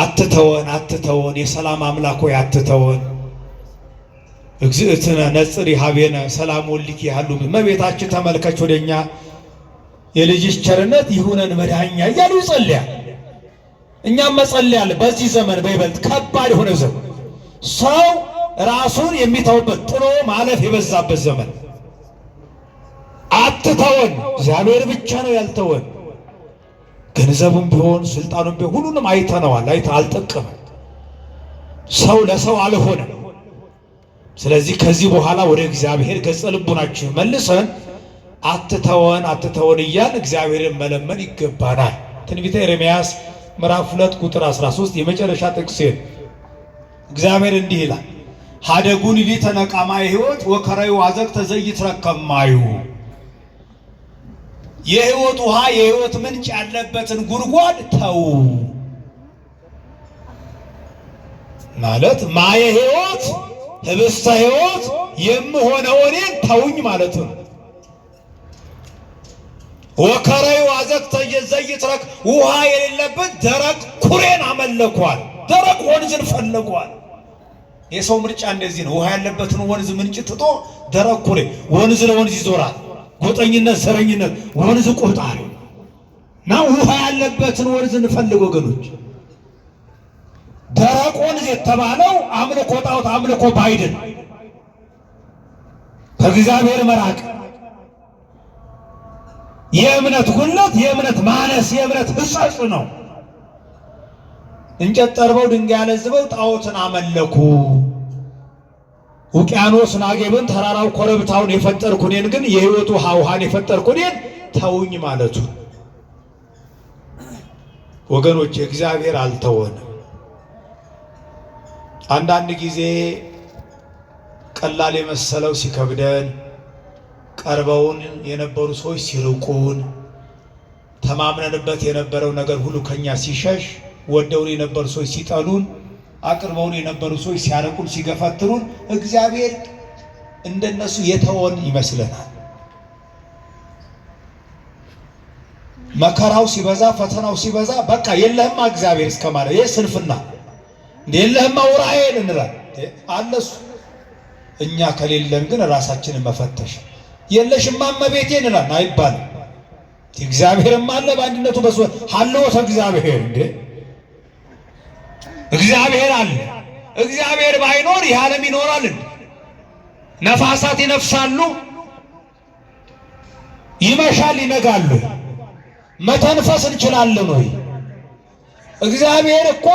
አትተወን አትተወን፣ የሰላም አምላክ ሆይ አትተወን። እግዚእትነ ነጽሪ ሀቤነ ሰላም ወልኪ ያሉ እመቤታችን ተመልከች ወደኛ የልጅሽ ቸርነት ይሁነን መድኃኛ እያሉ ይጸልያል። እኛም መጸልያል። በዚህ ዘመን በይበልጥ ከባድ የሆነ ዘመን ሰው ራሱን የሚተውበት ጥሎ ማለፍ የበዛበት ዘመን አትተወን። እግዚአብሔር ብቻ ነው ያልተወን ገንዘቡም ቢሆን ስልጣኑም ቢሆን ሁሉንም አይተነዋል። አይተ አልጠቀመም። ሰው ለሰው አልሆነም። ስለዚህ ከዚህ በኋላ ወደ እግዚአብሔር ገጸ ልቡናችን መልሰን አትተወን አትተወን እያል እግዚአብሔርን መለመን ይገባናል። ትንቢተ ኤርምያስ ምዕራፍ 2 ቁጥር 13 የመጨረሻ ጥቅሴ እግዚአብሔር እንዲህ ይላል፣ ሀደጉን ሊተነቃማ ሕይወት ወከራዩ አዘቅ ተዘይት ረከማዩ የህይወት ውሃ የህይወት ምንጭ ያለበትን ጉድጓድ ተው ማለት ማየ ህይወት ህብስተ ህይወት የምሆነው እኔን ተውኝ ማለት ነው። ወከረዩ አዘቅተ ዘይትረክ ውሃ የሌለበት ደረቅ ኩሬን አመለኳል። ደረቅ ወንዝን ፈለጓል። የሰው ምርጫ እንደዚህ ነው። ውሃ ያለበትን ወንዝ ምንጭ ትቶ ደረቅ ኩሬ ወንዝ ለወንዝ ይዞራል። ጎጠኝነት፣ ዘረኝነት፣ ወንዝ ቆጣሪ እና ውሃ ያለበትን ወንዝ እንፈልግ ወገኖች። ደረቅ ወንዝ የተባለው አምልኮ ጣዖት አምልኮ ባይድን ከእግዚአብሔር መራቅ፣ የእምነት ጉድለት፣ የእምነት ማነስ፣ የእምነት ሕጸጽ ነው። እንጨት ጠርበው ድንጋይ አለዝበው ጣዖትን አመለኩ። ውቅያኖስ ናጌብን ተራራው ኮረብታውን የፈጠርኩ እኔን ግን የህይወቱ ሀውሃን የፈጠርኩ እኔን ተውኝ ማለቱ ወገኖች፣ እግዚአብሔር አልተወንም። አንዳንድ ጊዜ ቀላል የመሰለው ሲከብደን፣ ቀርበውን የነበሩ ሰዎች ሲርቁን፣ ተማምነንበት የነበረው ነገር ሁሉ ከኛ ሲሸሽ፣ ወደውን የነበሩ ሰዎች ሲጠሉን አቅርበውን የነበሩ ሰዎች ሲያረቁን ሲገፈትሩን እግዚአብሔር እንደነሱ የተወን ይመስለናል። መከራው ሲበዛ ፈተናው ሲበዛ በቃ የለህማ እግዚአብሔር እስከማለት ይህ ስንፍና የለህማ ውራኤን እንላል አለሱ እኛ ከሌለን ግን ራሳችንን መፈተሽ የለሽማ እመቤቴ እንላል አይባልም። እግዚአብሔርም አለ በአንድነቱ በሱ ሀለወተ እግዚአብሔር እንዴ እግዚአብሔር አለ። እግዚአብሔር ባይኖር ይህ ዓለም ይኖራል። ነፋሳት ይነፍሳሉ፣ ይመሻል፣ ይነጋሉ። መተንፈስ እንችላለን ወይ? እግዚአብሔር እኮ